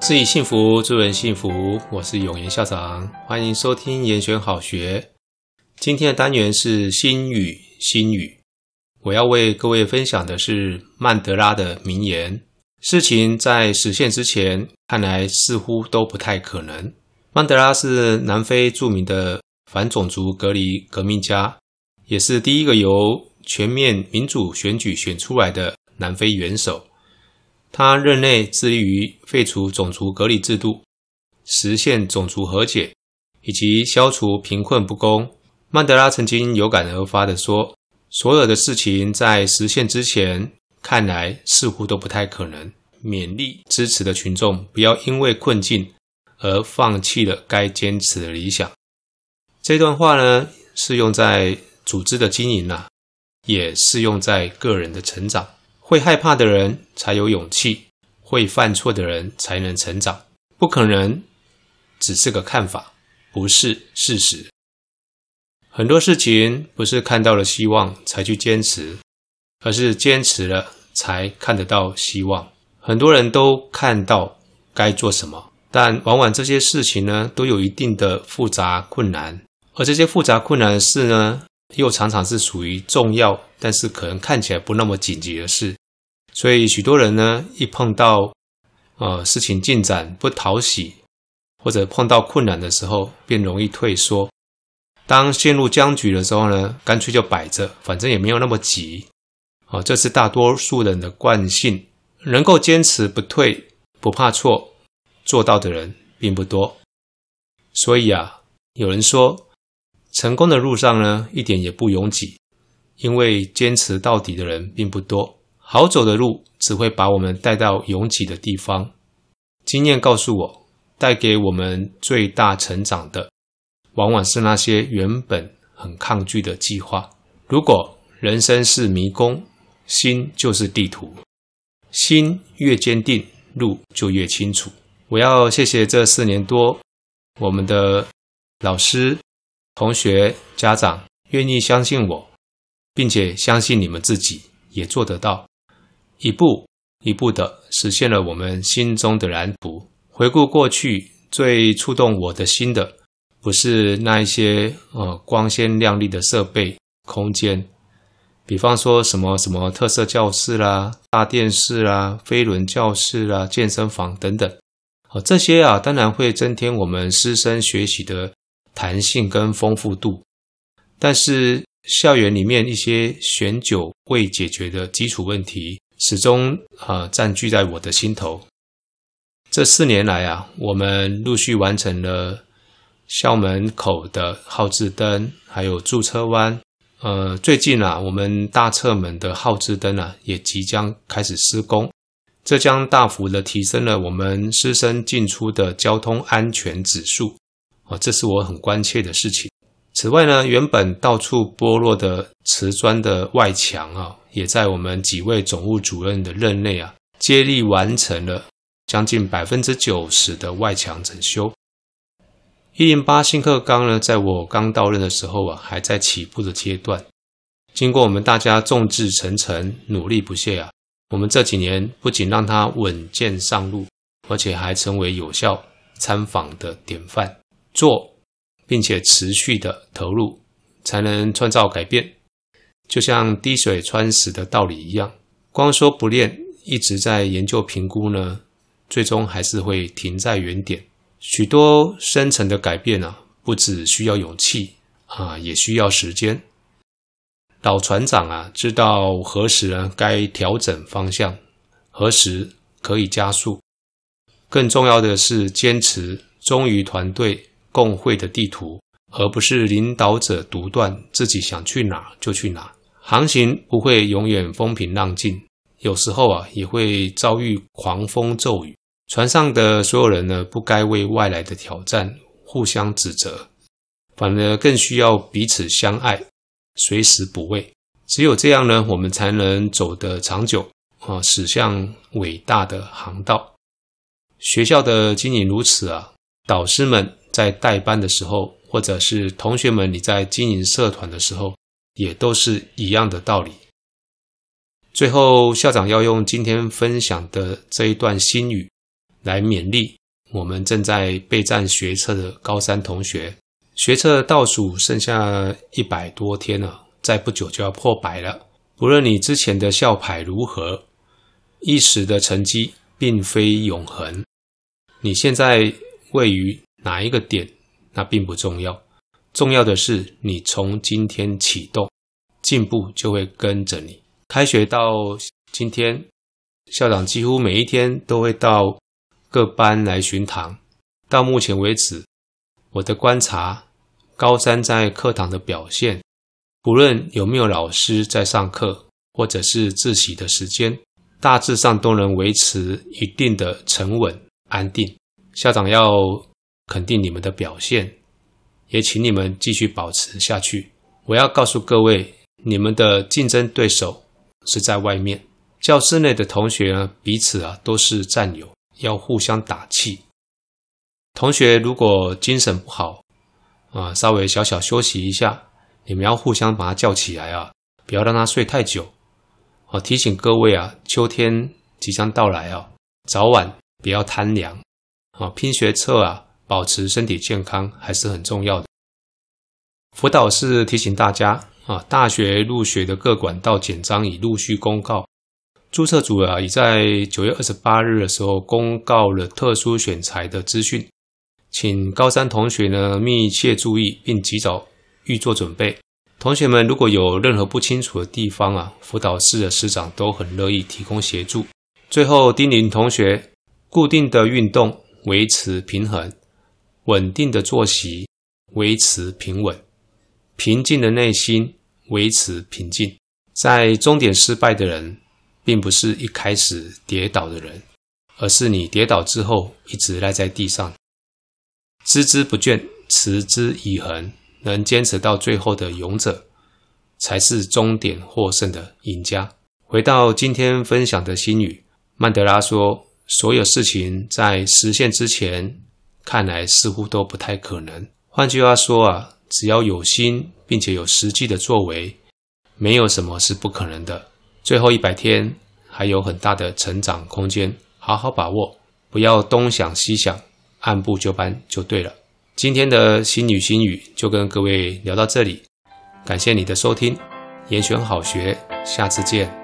自己幸福，助人幸福。我是勇延校長，歡迎收聽《延選好學》。今天的單元是心語興語。我要為各位分享的是曼德拉的名言：“事情在實現之前，看來似乎都不太可能。”曼德拉是南非著名的反種族隔離革命家，也是第一個由全面民主選舉選出來的南非元首。他任內致力於廢除種族隔離制度，實現種族和解，以及消除貧困不公。曼德拉曾經有感而發地說：“所有的事情在實現之前，看來似乎都不太可能。”勉勵支持的群眾不要因為困境而放棄了該堅持的理想。這段話呢，適用在組織的經營吶、啊，也適用在個人的成長。會害怕的人才有勇氣，會犯錯的人才能成長。不可能只是個看法，不是事實。很多事情不是看到了希望才去堅持，而是堅持了才看得到希望。很多人都看到該做什麼，但往往這些事情呢，都有一定的複雜困難，而這些複雜困難的事呢，又常常是屬於重要，但是可能看起來不那麼緊急的事。所以，許多人呢，一碰到，呃，事情進展不討喜，或者碰到困難的時候，便容易退縮。當陷入僵局的時候呢，乾脆就擺着，反正也沒有那麼急。哦、呃，這是大多數人的慣性。能夠堅持不退、不怕錯做到的人並不多。所以啊，有人說，成功的路上呢，一點也不擁擠，因為堅持到底的人並不多。好走的路只會把我們帶到擁擠的地方。經驗告訴我，帶給我們最大成長的，往往是那些原本很抗拒的計劃。如果人生是迷宮，心就是地圖。心越堅定，路就越清楚。我要謝謝這四年多，我們的老師、同學、家長願意相信我，並且相信你們自己也做得到。一步一步地實現了我們心中的藍圖。回顧過去，最觸動我的心的，不是那一些呃光鮮亮麗的設備、空間，比方說什麼什麼特色教室啦、啊、大電視啦、啊、飛輪教室啦、啊、健身房等等。好、呃，這些啊，當然會增添我們師生學習的彈性跟豐富度。但是校園裡面一些懸久未解決的基礎問題。始終啊，呃，佔據在我的心頭。這四年來啊，我們陸續完成了校門口的號誌燈，還有駐車彎。呃，最近啊，我們大側門的號誌燈呢、啊，也即將開始施工，這將大幅的提升了我們師生進出的交通安全指數。啊、呃，這是我很關切的事情。此外呢，原本到處剝落的瓷磚的外牆啊，也在我們幾位總務主任的任內啊，接力完成了將近百分之九十的外牆整修。一零八新課綱呢，在我剛到任的時候啊，還在起步的階段。經過我們大家眾志成城、努力不懈啊，我們這幾年不僅讓它穩健上路，而且還成為有效參訪的典範。做。並且持續的投入，才能創造改變，就像滴水穿石的道理一樣。光說不練，一直在研究評估呢，最終還是會停在原點。許多深層的改變啊，不只需要勇氣啊，也需要時間。老船長啊，知道何時啊該調整方向，何時可以加速。更重要的是堅持，忠於團隊。共繪的地圖，而不是領導者獨斷，自己想去哪就去哪。航行不會永遠風平浪靜，有時候啊也會遭遇狂風驟雨。船上的所有人呢，不該為外來的挑戰互相指責，反而更需要彼此相愛，隨時補位。只有這樣呢，我們才能走得長久啊，駛向偉大的航道。學校的經營如此啊，導師們。在代班的時候，或者是同學們，你在經營社團的時候，也都是一樣的道理。最後，校長要用今天分享的這一段心語來勉勵我們正在備戰學測的高三同學。學測倒數剩下一百多天了啊，再不久就要破百了。不論你之前的校排如何，一時的成績並非永恆。你現在位於。哪一個點，那並不重要，重要的是你從今天啟動，進步就會跟着你。開學到今天，校長幾乎每一天都會到各班來巡堂。到目前為止，我的觀察，高三在課堂的表現，不論有沒有老師在上課，或者是自習的時間，大致上都能維持一定的沉穩安定。校長要。肯定你們的表現，也請你們繼續保持下去。我要告訴各位，你們的競爭對手是在外面。教室內的同學彼此啊都是戰友，要互相打氣。同學如果精神不好啊，稍微小小休息一下，你們要互相把他叫起來啊，不要讓他睡太久。我、啊、提醒各位啊，秋天即將到來啊，早晚不要貪涼啊，拼學測啊。保持身體健康還是很重要的。輔導室提醒大家啊，大學入學的各管道簡章已陸續公告，註冊組啊已在九月二十八日的時候公告了特殊選才的資訊，請高三同學呢密切注意並及早預做準備。同學們如果有任何不清楚的地方啊，輔導室的師長都很樂意提供協助。最後叮嚀同學，固定的運動維持平衡，穩定的作息，維持平穩；平靜的內心，維持平靜。在終點失敗的人，並不是一開始跌倒的人，而是你跌倒之後一直賴在地上，孜孜不倦、持之以恆，能堅持到最後的勇者，才是終點獲勝的贏家。回到今天分享的心語，曼德拉說：“所有事情在實現之前，”看來似乎都不太可能。換句話說啊，只要有心，並且有實際的作為，沒有什麼是不可能的。最後一百天還有很大的成長空間，好好把握，不要東想西想，按部就班就對了。今天的心語興語就跟各位聊到這裡，感謝你的收聽，延選好學，下次見。